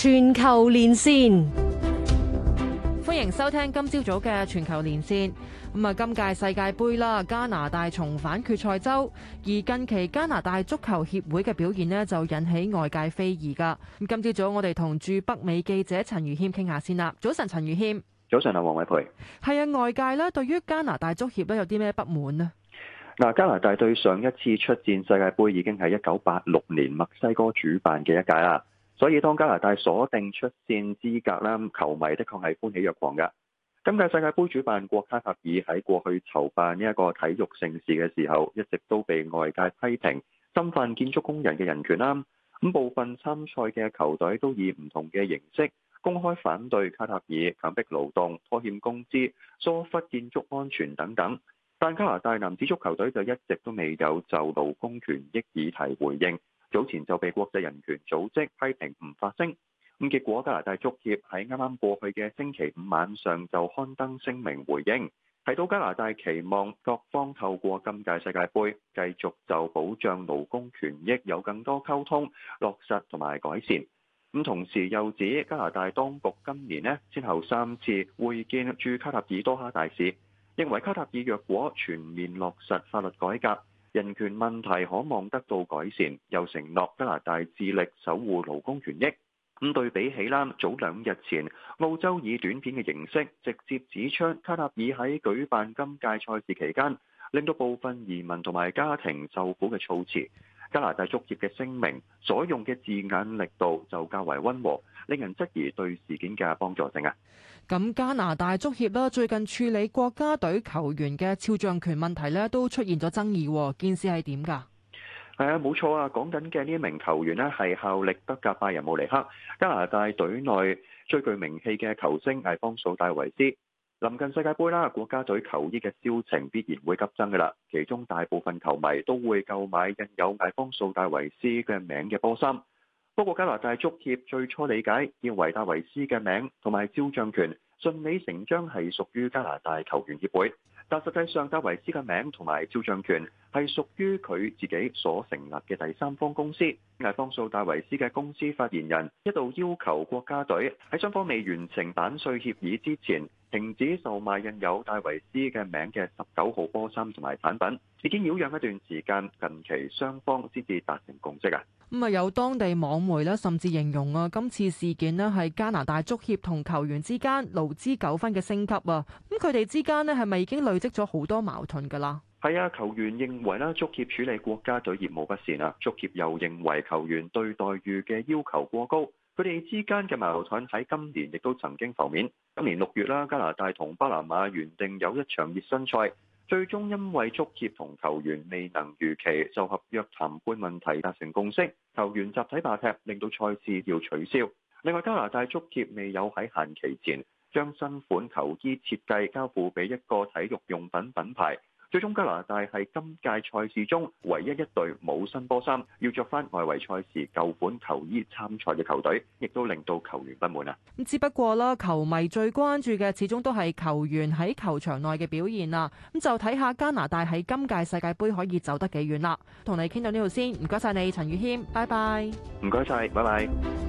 全球連線，歡迎收聽今朝早嘅全球連線。咁啊，今屆世界杯啦，加拿大重返決賽周，而近期加拿大足球協會嘅表現呢，就引起外界非議噶。咁今朝早我哋同駐北美記者陳宇謙傾下先啦。早晨，陳宇謙。早晨啊，王慧蓓。係啊，外界呢對於加拿大足協咧有啲咩不滿啊？嗱，加拿大對上一次出戰世界杯已經係一九八六年墨西哥主辦嘅一屆啦。所以當加拿大鎖定出線資格啦，球迷的確係歡喜若狂㗎。今屆世界盃主辦國卡塔爾喺過去籌辦呢一個體育盛事嘅時候，一直都被外界批評侵犯建築工人嘅人權啦。咁部分參賽嘅球隊都以唔同嘅形式公開反對卡塔爾強迫勞動、拖欠工資、疏忽建築安全等等。但加拿大男子足球隊就一直都未有就勞工權益議題回應。早前就被國際人權組織批評唔發聲，咁結果加拿大足協喺啱啱過去嘅星期五晚上就刊登聲明回應，提到加拿大期望各方透過今屆世界盃繼續就保障勞工權益有更多溝通、落實同埋改善，咁同時又指加拿大當局今年呢先後三次會見駐卡塔爾多哈大使，認為卡塔爾若果全面落實法律改革，人權問題可望得到改善，又承諾加拿大致力守護勞工權益。咁對比起啦，早兩日前，澳洲以短片嘅形式，直接指出卡塔爾喺舉辦今屆賽事期間，令到部分移民同埋家庭受苦嘅措辭。加拿大足協嘅聲明所用嘅字眼力度就較為溫和，令人質疑對事件嘅幫助性啊！咁加拿大足協啦，最近處理國家隊球員嘅肖像權問題呢都出現咗爭議，件事係點㗎？係啊，冇錯啊，講緊嘅呢一名球員呢係效力德甲拜仁慕尼黑，加拿大隊內最具名氣嘅球星係方索戴維斯。臨近世界盃啦、啊，國家隊球衣嘅銷情必然會急增噶啦。其中大部分球迷都會購買印有艾方素戴維斯嘅名嘅波衫。不過加拿大足協最初理解，認為戴維斯嘅名同埋肖像權順理成章係屬於加拿大球員協會，但實際上戴維斯嘅名同埋肖像權係屬於佢自己所成立嘅第三方公司。艾方素戴維斯嘅公司發言人一度要求國家隊喺雙方未完成版稅協議之前。停止售賣印有戴維斯嘅名嘅十九號波衫同埋產品，事件擾攘一段時間，近期雙方先至達成共識啊！咁啊，有當地網媒咧，甚至形容啊，今次事件呢係加拿大足協同球員之間勞資糾紛嘅升級啊！咁佢哋之間呢係咪已經累積咗好多矛盾㗎啦？係啊，球員認為啦，足協處理國家隊業務不善啊，足協又認為球員對待遇嘅要求過高。佢哋之間嘅矛盾喺今年亦都曾經浮面。今年六月啦，加拿大同巴拿馬原定有一場熱身賽，最終因為足協同球員未能如期就合約談判問題達成共識，球員集體罷踢，令到賽事要取消。另外，加拿大足協未有喺限期前將新款球衣設計交付俾一個體育用品品牌。最終加拿大係今屆賽事中唯一一隊冇新波衫，要着翻外圍賽事舊款球衣參賽嘅球隊，亦都令到球員不滿啊！咁只不過啦，球迷最關注嘅始終都係球員喺球場內嘅表現啊，咁就睇下加拿大喺今屆世界盃可以走得幾遠啦。同你傾到呢度先，唔該晒你，陳宇謙，拜拜。唔該晒，拜拜。